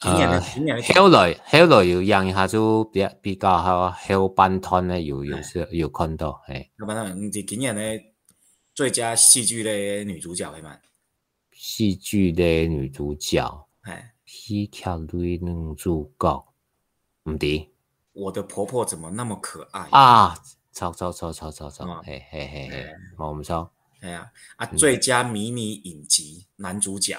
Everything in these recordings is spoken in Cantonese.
今年誒，後、呃、來後來有讓一下就比較比較好，後半段咧要要有看到係。後半段，你哋今年嘅最佳戲劇類女主角係咪？戲劇類女主角，係、啊。一條女男主角唔啲、啊。我的婆婆怎麼那麼可愛啊？啊，錯錯錯錯錯錯，嘿嘿嘿嘿，冇唔錯，係、嗯、啊，啊，啊，最佳迷你影集男主角。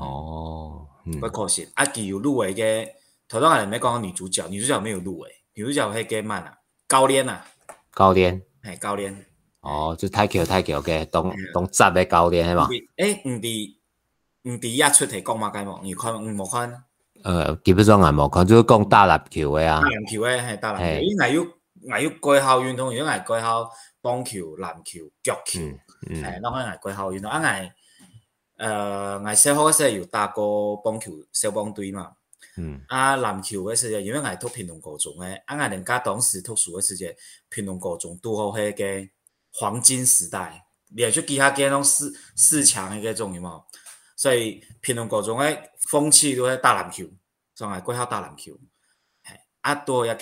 哦，不可信。阿弟、啊、有入圍嘅，頭先阿人咪講女主角，女主角沒有入圍，女主角係個曼啊，教練啊，教練，係教練，哦，就台球、台球嘅、OK，嗯，東東十嘅教練係嘛？誒，唔、欸、是，唔是呀，出題講嘛該嘛，你看唔好看？呃，基本上眼冇看，主要講打籃球嘅啊。籃球嘅係打籃球，伊還有還有蓋好運動，有還蓋好棒球、籃球、腳球，係，啷開還蓋好運動啊？哎。呃，我小學嗰時有打過棒球小棒隊嘛，嗯、啊籃球嗰時，因為我讀平鎮高中誒，啊我人家當時讀書嗰時就平鎮高中都好嗰個黃金時代，連續其他嘅嗰種，四四強嘅個種有冇？所以平鎮高中嘅風氣都係打籃球，就係嗰刻打籃球。啊都一個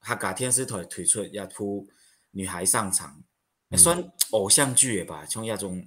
客家電視台推出一部女孩上場，嗯、算偶像劇吧，像一種。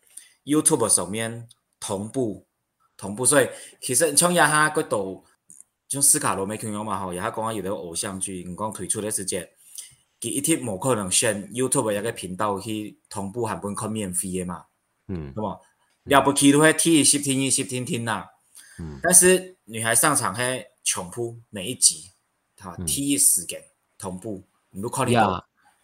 YouTube 上面同步同步，所以其實從一下個度，像斯卡羅美群友嘛吼，一下剛剛有的偶像劇，唔講推出咧時間，他一天冇可能選 YouTube 有一個頻道去同步韓文看免費的嘛，嗯，咁啊，了不起都係聽一聽一聽聽啦，嗯，是但是女孩、嗯、上場係同步每一集，哈，t 一時間同步，嗯、你都考慮到。Yeah.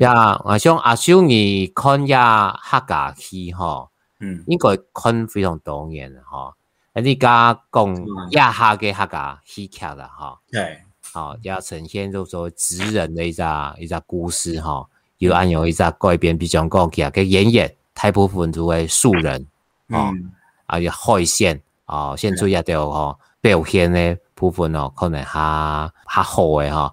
呀、嗯，我想阿秀你看一下客家戲嗬，嗯，應該看非常動人嗬。喺、喔、呢家講亞哈嘅客家戲劇啦，哈、喔，對，好、喔，要呈現就說職人的一隻一隻故事，哈、喔，又按有一隻改編，比較講佢嘅演員，大部分都會素人，嗯，啊、喔喔、要海鮮，啊先做一條哈表現嘅部分咯，可能吓吓好嘅哈。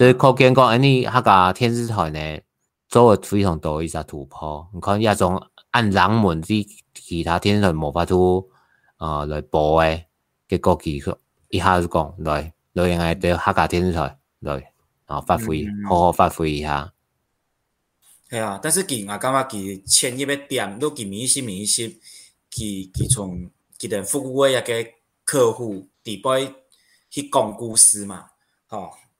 所以可見講，安、欸、你客家電視台呢，做非常多一些突破。你看，一種按冷門的其他電視台沒法做，啊、呃，來播結果，國企，一下子講，來，來應該對客家電視台、嗯，來，然後發揮、嗯，好好發揮一下。係、嗯、啊、嗯，但是佢我感覺佢簽約嘅店，都佮明星明星，佢佢從佢哋服務一個客戶，第擺去講故事嘛，吼、哦。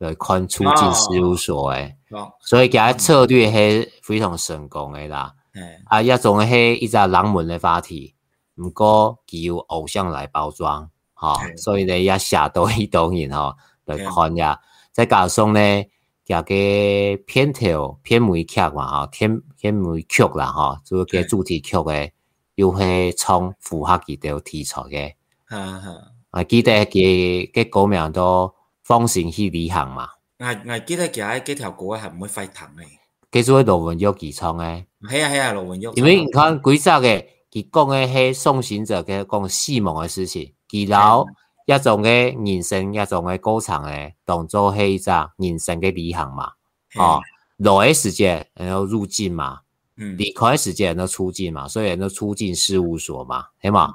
嚟看出境事務所誒、oh.，oh. oh. 所以佢嘅策略係非常成功的啦。Mm. 啊，一種係一隻冷門的話題，不過只有偶像來包裝嚇，哦 okay. 所以呢，一成到呢種人嚇嚟看呀。Okay. 再加上咧，又個片頭片尾曲嘛，嚇、喔，片片尾曲啦，嚇、喔，做個主題曲誒，又會從符合佢條題材嘅。嚇、oh. 嚇、啊，我、啊、記得嘅嘅歌名都～放行去旅行嘛？我我記得其他幾條歌係唔會沸騰嘅，叫做羅文玉自創嘅。係啊係啊，羅、啊、文玉。因為你看幾的，古早嘅佢講嘅係送行者嘅，講死亡嘅事情，佢有一種嘅人生，一種嘅歌唱嘅，動作係一人生嘅旅行嘛。嗯、哦，來嘅時間要入境嘛，離、嗯、開時間要出境嘛，所以要出境事務所嘛，係、嗯、嘛？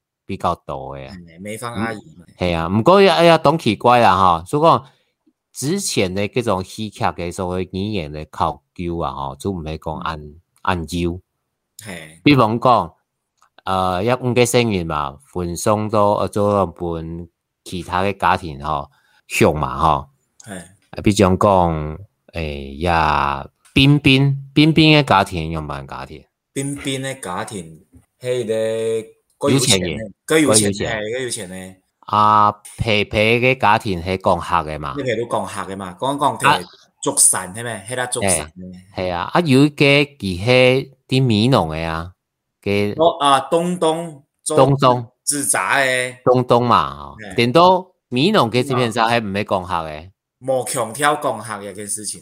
比較多嘅啊、嗯，係啊，唔過呀呀，當奇怪啦嗬，所以講之前嘅嗰種戲劇嘅所謂演員嘅考究啊，嗬，就唔係講按按照，係，比方講，誒，一五幾聲年吧，換雙多做一半其他嘅家庭嗬，響嘛嗬，係，比將講誒呀，邊邊邊邊嘅家庭用乜嘢家庭，邊邊嘅家庭，係你。要錢嘅，要錢嘅，要錢嘅。阿皮皮嘅家庭係講客嘅嘛？你皮都講客嘅嘛？講講佢祝神係咪？喺度祝神嘅。係啊，阿要嘅佢係啲米農嘅啊。嘅，啊東東東東，複雜嘅。東東嘛，點都米農嘅事面上係唔係講客嘅？冇強調講客嘅一件事情。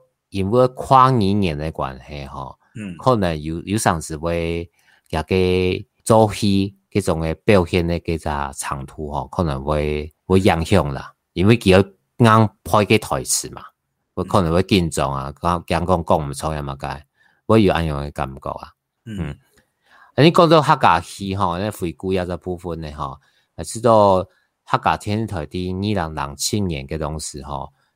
因為跨年的關係，嗯，可能有有成是會也做戲，這種的表現的嘅咋長途嗬，可能會、嗯、會影響啦。嗯、因為他啱拍嘅台詞嘛，嗯、可能會緊張、嗯、啊，講講講唔出又嘛該會有安樣的感覺啊。嗯，嗯啊、你講到客家戲，嗬、嗯，啊那個回顧有這部分嘅，還知道客家天台的二零零七年的東西，嗬。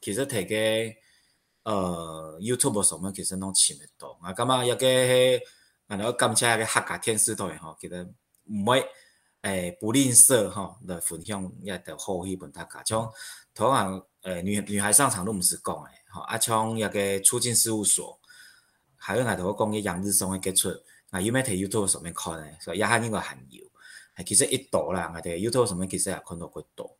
其實睇嘅，誒 YouTube 上面其實都千萬多，啊咁啊一個，然後今次嘅客家電視台，嚇，其實唔會誒不吝嗇，嚇，嚟分享一啲好戲俾大家。像，同啊誒女女孩上場都唔是講嘅，嚇，啊像一個出境事務所，係要嚟同我講嘅楊志松嘅傑出，啊有咩喺 YouTube 上面睇咧，所以一嚇應該罕有，係其實一多啦，我哋 YouTube 上面其實係看到幾多。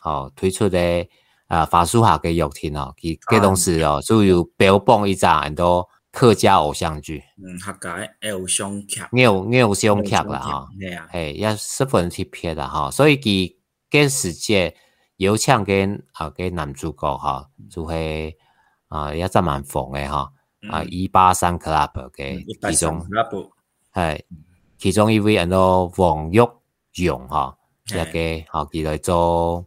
好、哦、推出的啊、呃、法術學嘅劇情哦，佢給當時哦，仲、嗯、要標榜一張很多客家偶像劇，嗯，客家偶像劇，你有你有偶像劇啦，吓，係一十分貼切啦，吓、啊哦哦，所以佢跟世界有搶嘅呃嘅男主角，吓、哦，就係啊一集蠻紅嘅，吓、那個呃哦嗯，啊一八三 club 嘅其中，係、嗯其，嗯、其中一位，人都黃玉榮，吓、哦，一個，吓、啊，佢嚟做。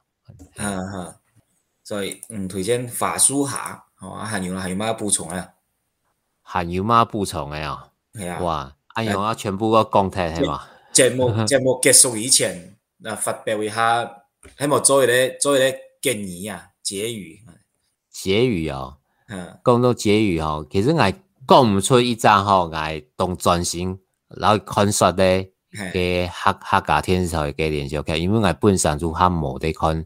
吓、啊、吓，所以唔推薦發書下，哦啊哦啊、哇！還有啦，還有咩補充啊？還有咩補充啊？係哇！哎呀，我全部個講題係嘛？節目節目結束以前，嗱， 發表一下，還沒有冇做一啲做一啲建議啊？結語，結語哦，嗯，講到結語哦，其實我講唔出一扎嗬，我講轉型，然後看衰咧，嘅客客家天朝嘅聯繫，其實因為我本身就黑冇得看。